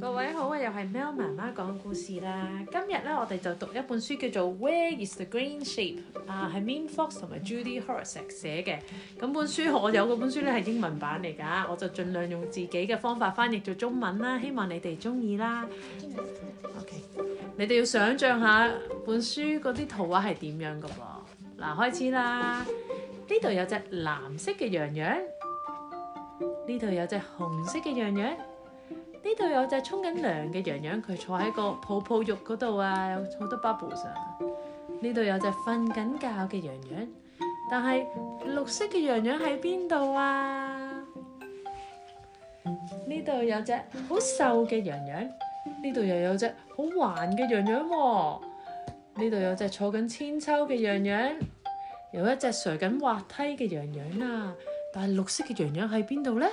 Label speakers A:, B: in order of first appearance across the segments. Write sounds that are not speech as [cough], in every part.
A: 各位好啊，又係 Mel 媽媽講故事啦。今日咧，我哋就讀一本書，叫做《Where Is the Green Sheep》啊，係 Mem Fox 同埋 Judy Horacek 寫嘅。咁本書我有本書咧係英文版嚟噶，我就盡量用自己嘅方法翻譯做中文啦，希望你哋中意啦。O、okay, K，你哋要想象下本書嗰啲圖畫係點樣噶噃。嗱、啊，開始啦，呢度有隻藍色嘅羊羊，呢度有隻紅色嘅羊羊。呢度有隻沖緊涼嘅羊羊，佢坐喺個泡泡浴嗰度啊，有好多 bubbles 啊！呢度有隻瞓緊覺嘅羊羊，但係綠色嘅羊羊喺邊度啊？呢度有隻好瘦嘅羊羊，呢度又有隻好橫嘅羊羊喎、哦。呢度有隻坐緊千秋嘅羊羊，有一隻垂緊滑梯嘅羊羊啊。但係綠色嘅羊羊喺邊度咧？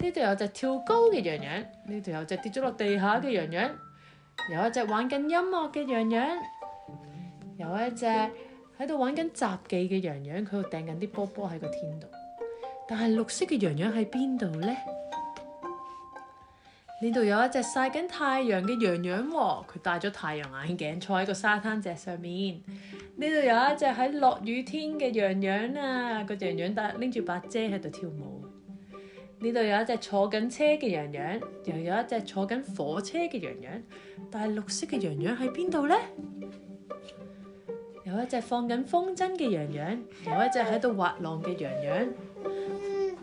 A: 呢度有隻跳高嘅羊羊，呢度有隻跌咗落地下嘅羊羊，有一隻玩緊音樂嘅羊羊，有一隻喺度玩緊雜技嘅羊羊，佢度掟緊啲波波喺個天度。但係綠色嘅羊羊喺邊度呢？呢度有一隻曬緊太陽嘅羊羊喎，佢戴咗太陽眼鏡，坐喺個沙灘石上面。呢度有一隻喺落雨天嘅羊羊啊，個羊羊帶拎住把遮喺度跳舞。呢度有一隻坐緊車嘅羊羊，又有一隻坐緊火車嘅羊羊，但係綠色嘅羊羊喺邊度呢？有一隻放緊風箏嘅羊羊，有一隻喺度滑浪嘅羊羊，嗯、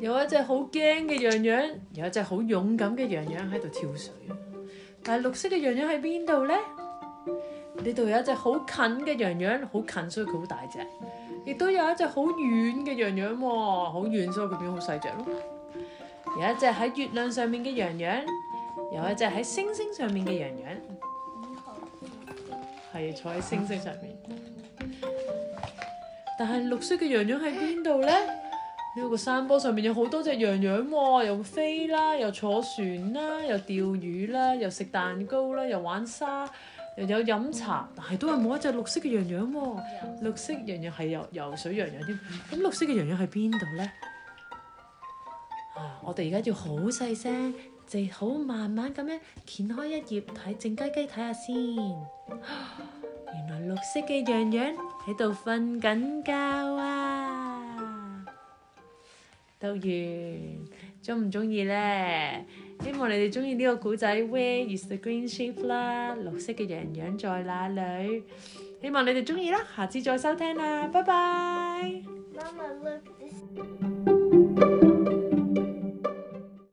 A: 有一隻好驚嘅羊羊，有一隻好勇敢嘅羊羊喺度跳水。但係綠色嘅羊羊喺邊度呢？呢度有一隻好近嘅羊羊，好近所以佢好大隻。亦都有一隻好遠嘅羊羊喎、哦，好遠所以佢變好細隻咯。有一隻喺月亮上面嘅羊羊，有一隻喺星星上面嘅羊羊，係、嗯、坐喺星星上面。嗯、但係綠色嘅羊羊喺邊度呢？呢、嗯、個山坡上面有好多隻羊羊喎、哦，又飛啦，又坐船啦，又釣魚啦，又食蛋糕啦，又玩沙。又有飲茶，嗯、但係都係冇一隻綠色嘅羊羊喎、啊。綠色羊羊係游游水羊羊添，咁 [laughs] 綠色嘅羊羊喺邊度咧？啊！我哋而家要好細聲，最好慢慢咁樣掀開一頁睇，靜雞雞睇下先。原來綠色嘅羊羊喺度瞓緊覺啊！讀完，中唔中意咧？希望你哋中意呢個古仔《Where is the Green Sheep》啦，綠色嘅羊羊在哪裏？希望你哋中意啦，下次再收聽啦，拜拜。媽媽